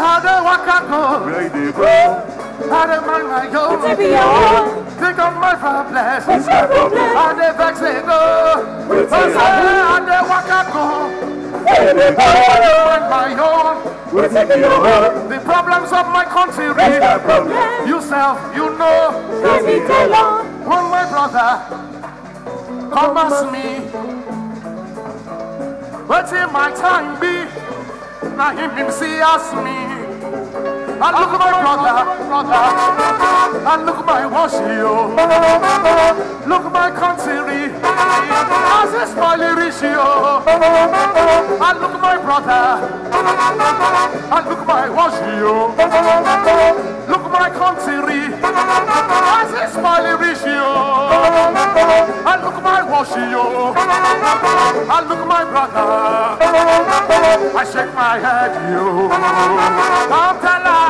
How the waka go? I Think of my problems. What's my problem? How the vex go? the I my The problems of my country. Yourself, you know. My brother. Come ask me. What's in my time be? Now him him see ask me. I look at my brother, brother. I look at my wasio. Look at my country. As a my ratio. I look at my brother. I look at my wasio. Look at my country. As a my ratio. I look at my wasio. I look at my brother. I shake my head, you. I'm telling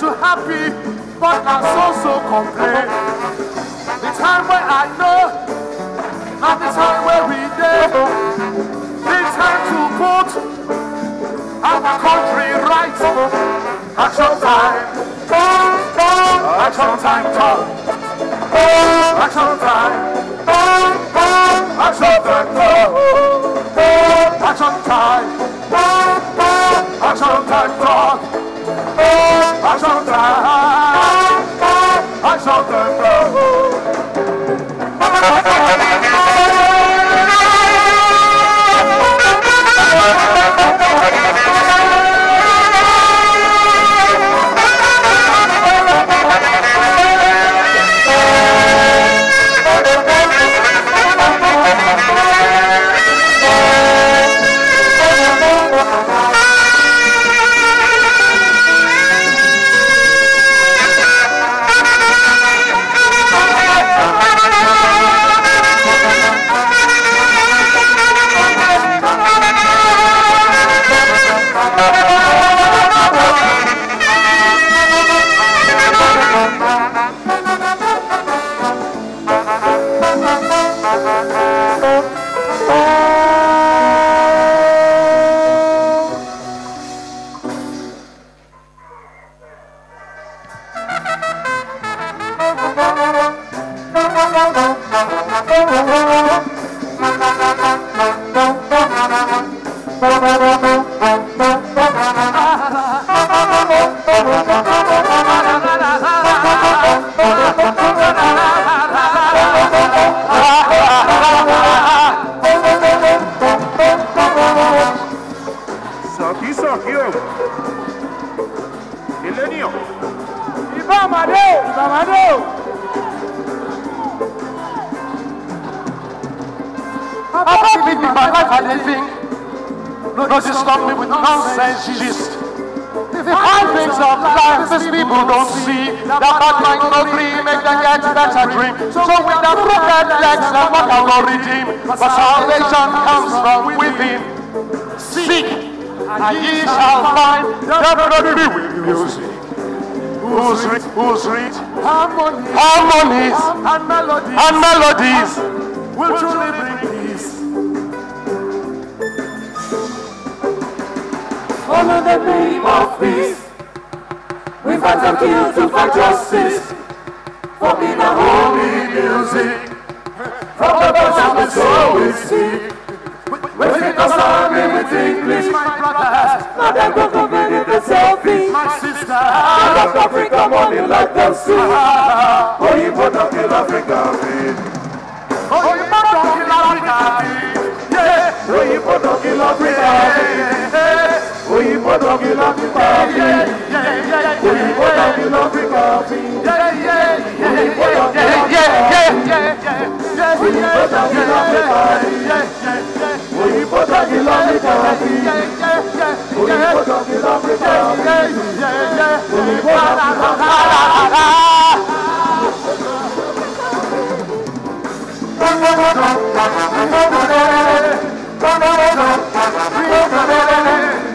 too happy, but I so so complain. The time where I know, and the time where we did, the time to put our country right. Action time, action time, talk. Action time, action time, talk. Action time, action time, talk. on chante, on chante fort. thou Lord redeem. For salvation comes from within. Seek, and ye shall find definitely with music. Who's rich? Who's rich? Harmonies, harmonies and melodies, and melodies will truly bring peace. Follow the name of peace. We fight and kill to fight justice. For me, the holy music. From the bottom and so we speak. When it concern me with English, my brother has not them go complain if they selfish. My sister, South Africa money like them soup. Oh, you put up in Africa, Oh, you put up in Africa, yeah. Oh, you put up in Africa, òyìnbó dọ̀bí ló fi kọfí òyìnbó dọ̀bí ló fi kọfí òyìnbó dọ̀bí ló fi kọfí òyìnbó dọ̀bí ló fi kọfí òyìnbó dọ̀bí ló fi kọfí òyìnbó dọ̀bí ló fi kọfí òyìnbó dọ̀bí ló fi kọfí. Thank you.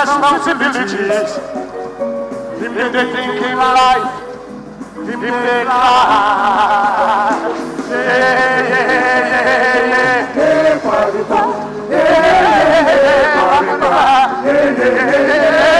responsibilities. People they thinking life, people they life. Yeah, yeah, yeah, yeah. yeah. Paripa. yeah, Paripa.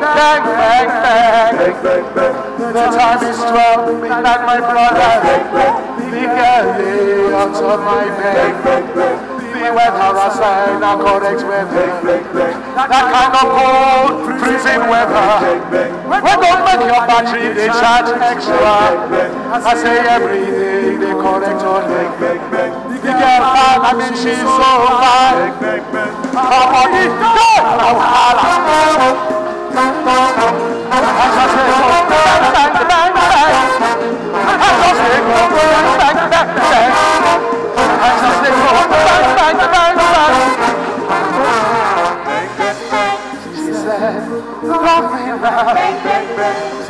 bang, bang, bang. bang bang The time is twelve, midnight, my brother. Be careful unto my bed. Beware harassment and correct weather. That kind of cold, freezing weather. When don't make your battery, they charge extra. I say every day, they correct on me. The girl found, I mean, she's so fine. Her body, God, I'm Love me now.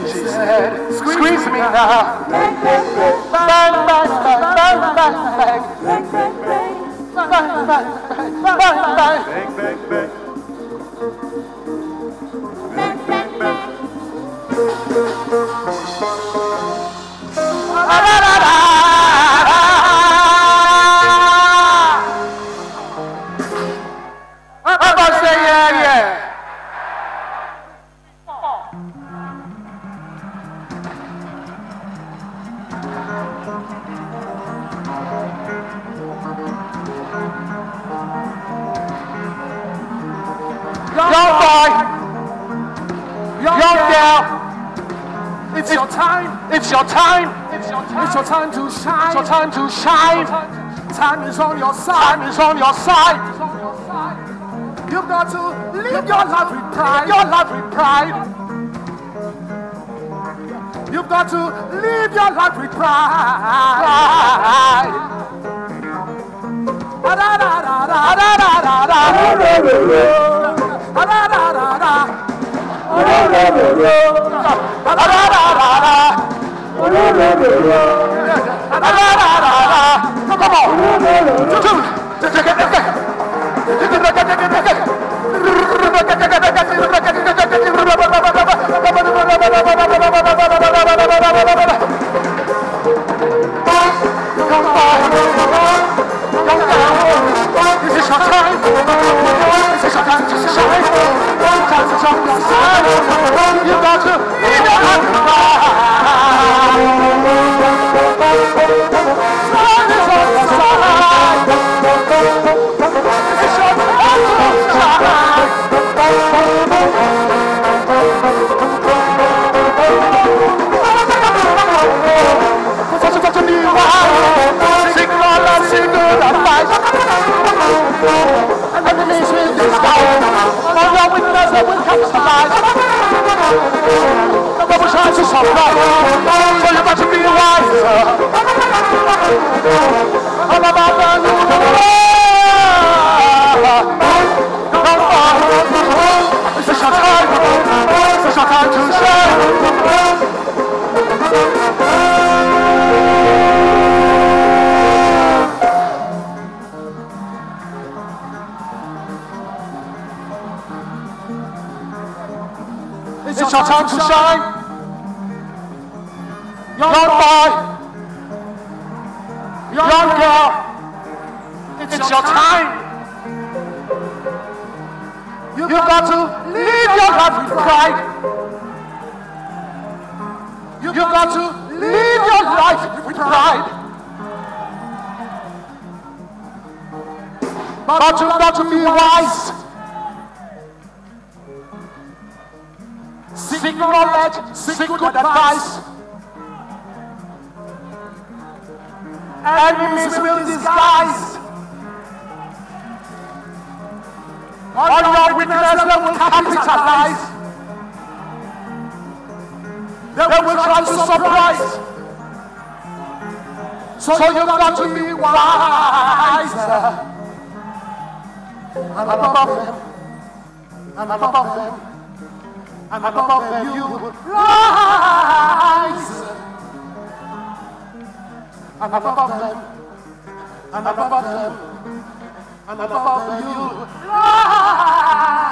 She said, squeeze me now. Bang, bang, bang, bang, bang, bang. Bang, bang, bang, bang, bang. Müzik your time to shine. Time is on your side. Time is on your side. You've got to live your life with pride. Your life with pride. You've got to live your life with pride. Come on. Two. saudade. Eu vou puxar de saudade. Hoje eu bati piruais. A babada no Não morre. Isso é chacai. Isso é de um cheiro. It's, it's your time, time to shine. shine. Young, Young boy. Young, Young girl. It's, it's your time. time. You've, You've got, got to live your life with pride. You've, You've got, got to live your life with pride. But, but you've got to be wise. seek knowledge, seek, seek good advice. Enemies will disguise. All your witness, they will capitalize. They will try to surprise. So, so you've got to be wiser. And above them. And above them and above them you would rise. And above them, and above them, and above them you rise.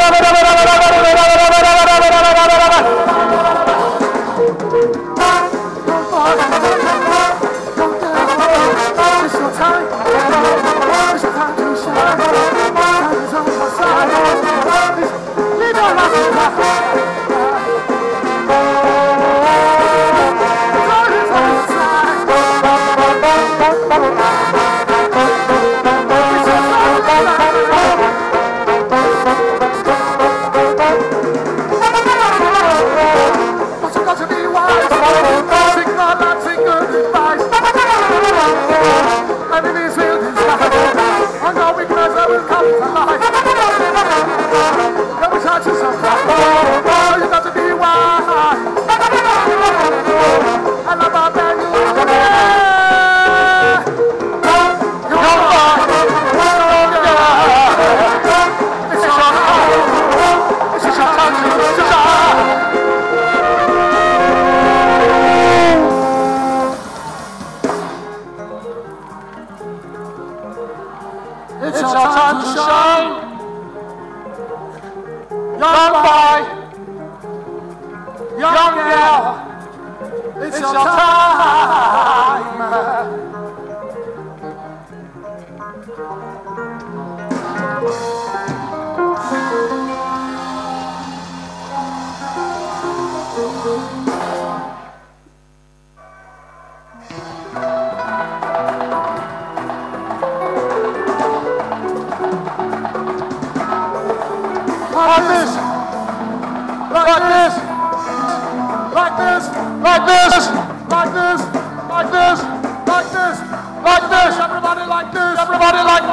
I I will Thank you. somebody like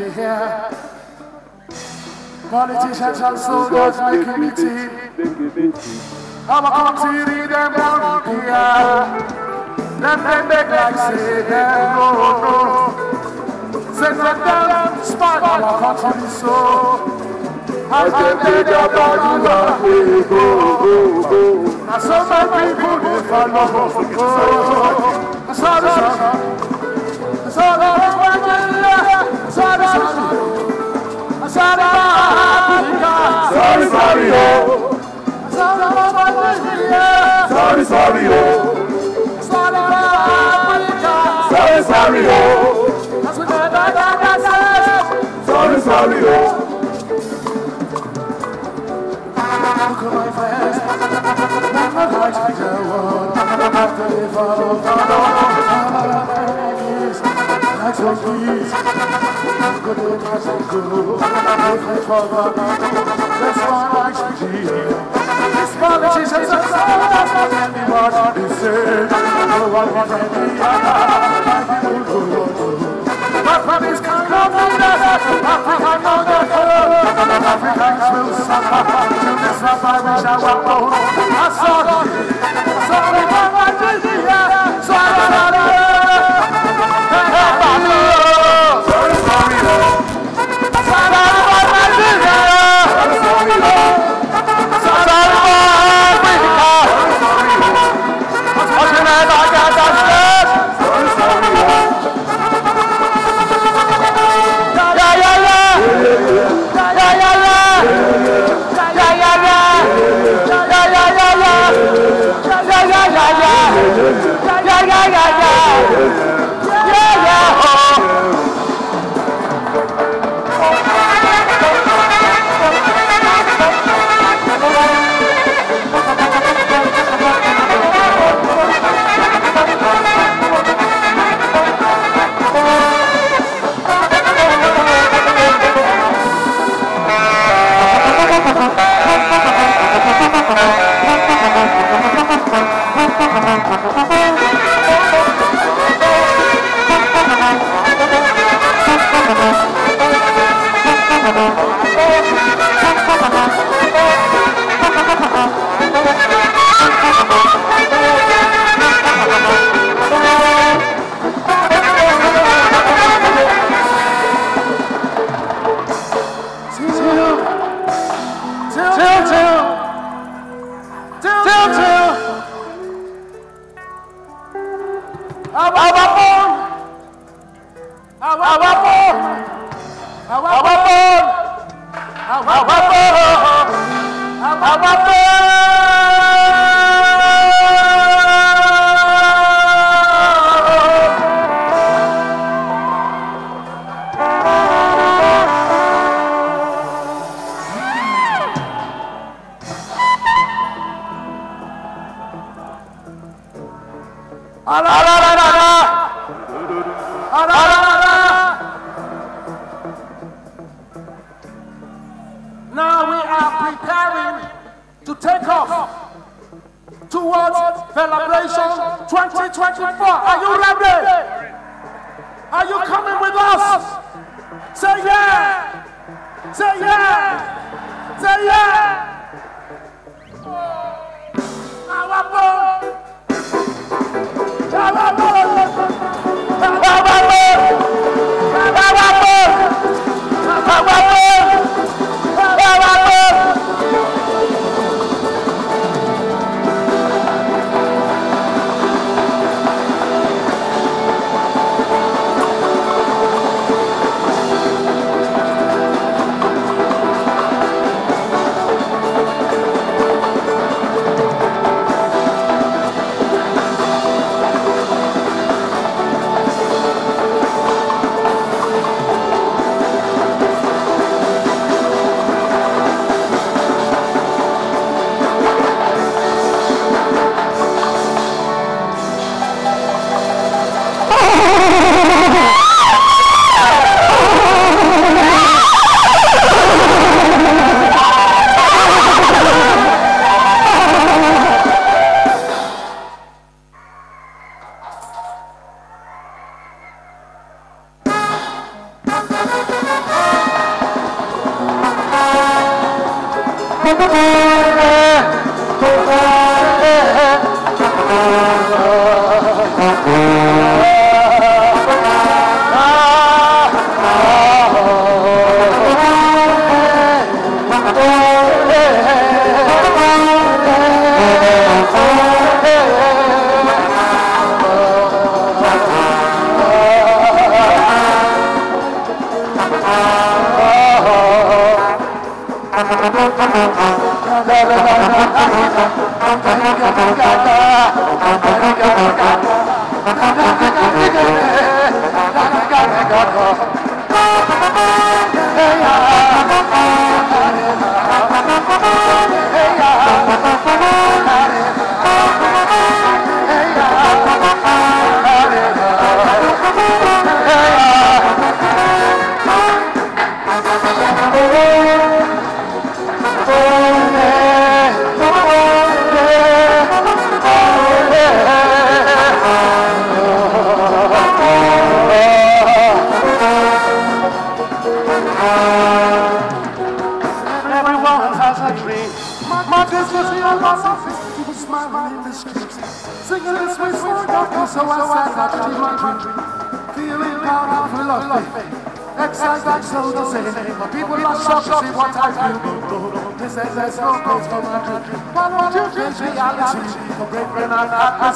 to hear. Politicians and soldiers making me tea. I'm a come to read them down here. Them they make like say them no no. Send them down, spark our country so. As them take their body back, go, go, go. Now so many people they follow, go. That's all, that's all, that's all. Sorry, sorry, oh. Sorry, sorry, oh. Sorry, sorry, oh. Sorry, sorry, oh. Sorry, sorry, oh. Sorry, sorry, oh. Sorry, sorry, oh. Sorry, sorry, oh. Sorry, sorry, oh. be the one. That's I should This politician is a soul that's not the No one on the I'm ya ya ya ya.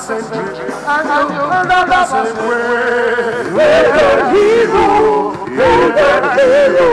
same anda! I know you're the way.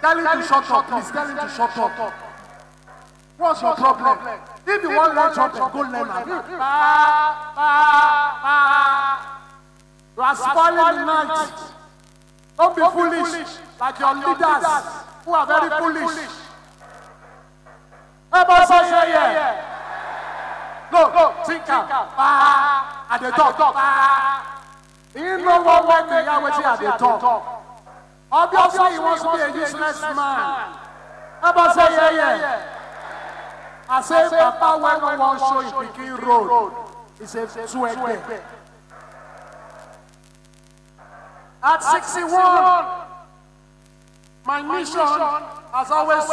Tell him to shut up. Please tell him to shut up. What's your problem? If you want learn trumpet, go learn am. You are spoiling the night. Don't be foolish like your leaders who are very foolish. Everybody say yeah yeah. No, think am. At the top. You know what when they are waiting at the top. Obviously, Obviously he, wants he wants to be a businessman. man. man. say, yeah, yeah. yeah. I say, I say Papa, Papa when want to show is picking road, road. he says, Suekbe. At 61, my mission has always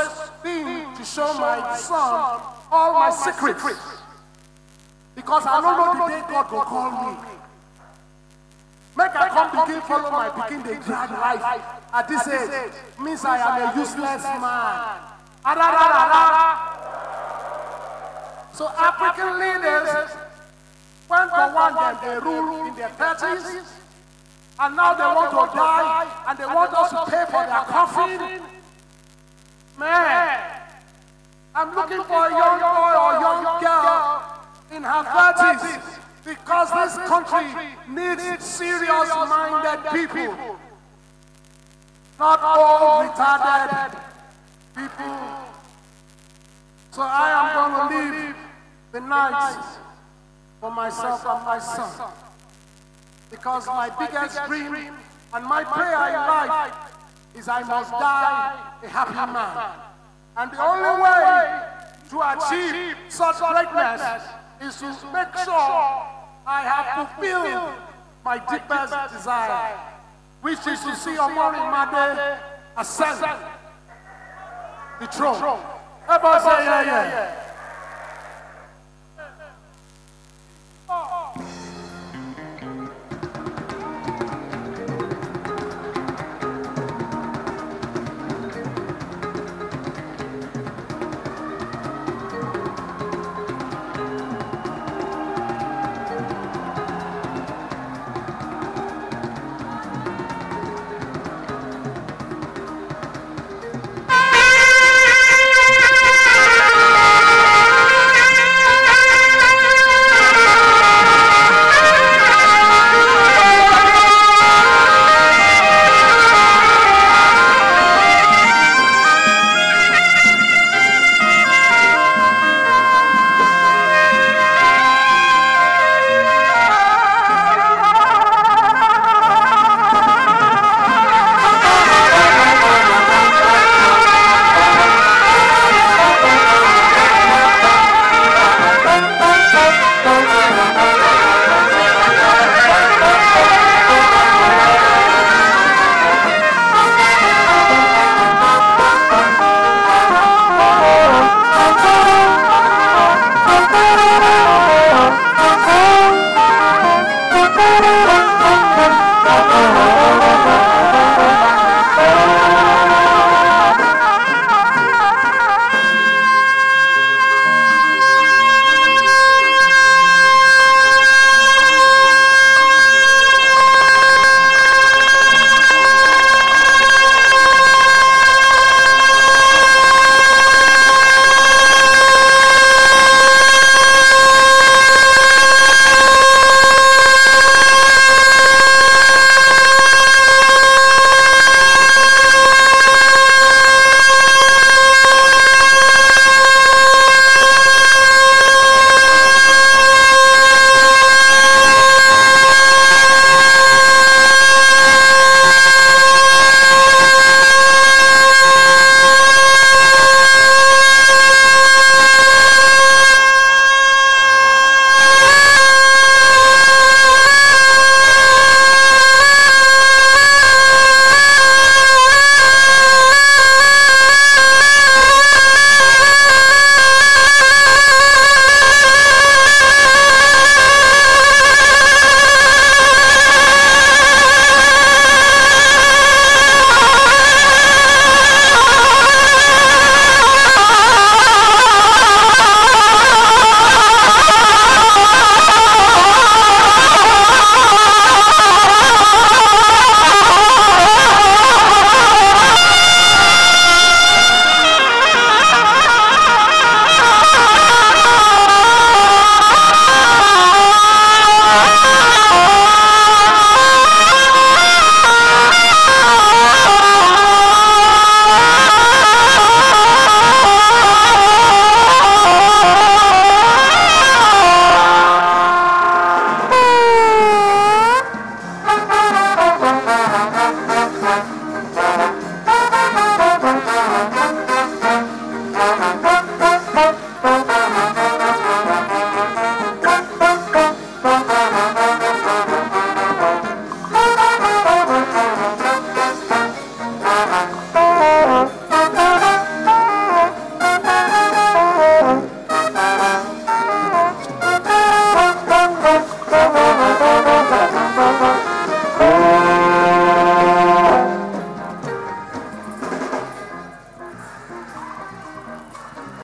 been to show my son all my secrets. Because I don't know the day God will call me. Make I come begin follow my picking the drag life at this age means I am a useless man. So African leaders, one to one, them they rule in their 30s, and now they want to die, and they want us to pay for their coffin. Man, I'm looking for a young boy or young girl in her 30s. Because this country needs serious-minded people, not all retarded people. So I am going to leave the night for myself and my son. Because my biggest dream and my prayer in life is I must die a happy man. And the only way to achieve such greatness is to make sure I have fulfilled my deepest desire, which is to see your Morning my day ascend the throne. Everybody say, yeah, yeah.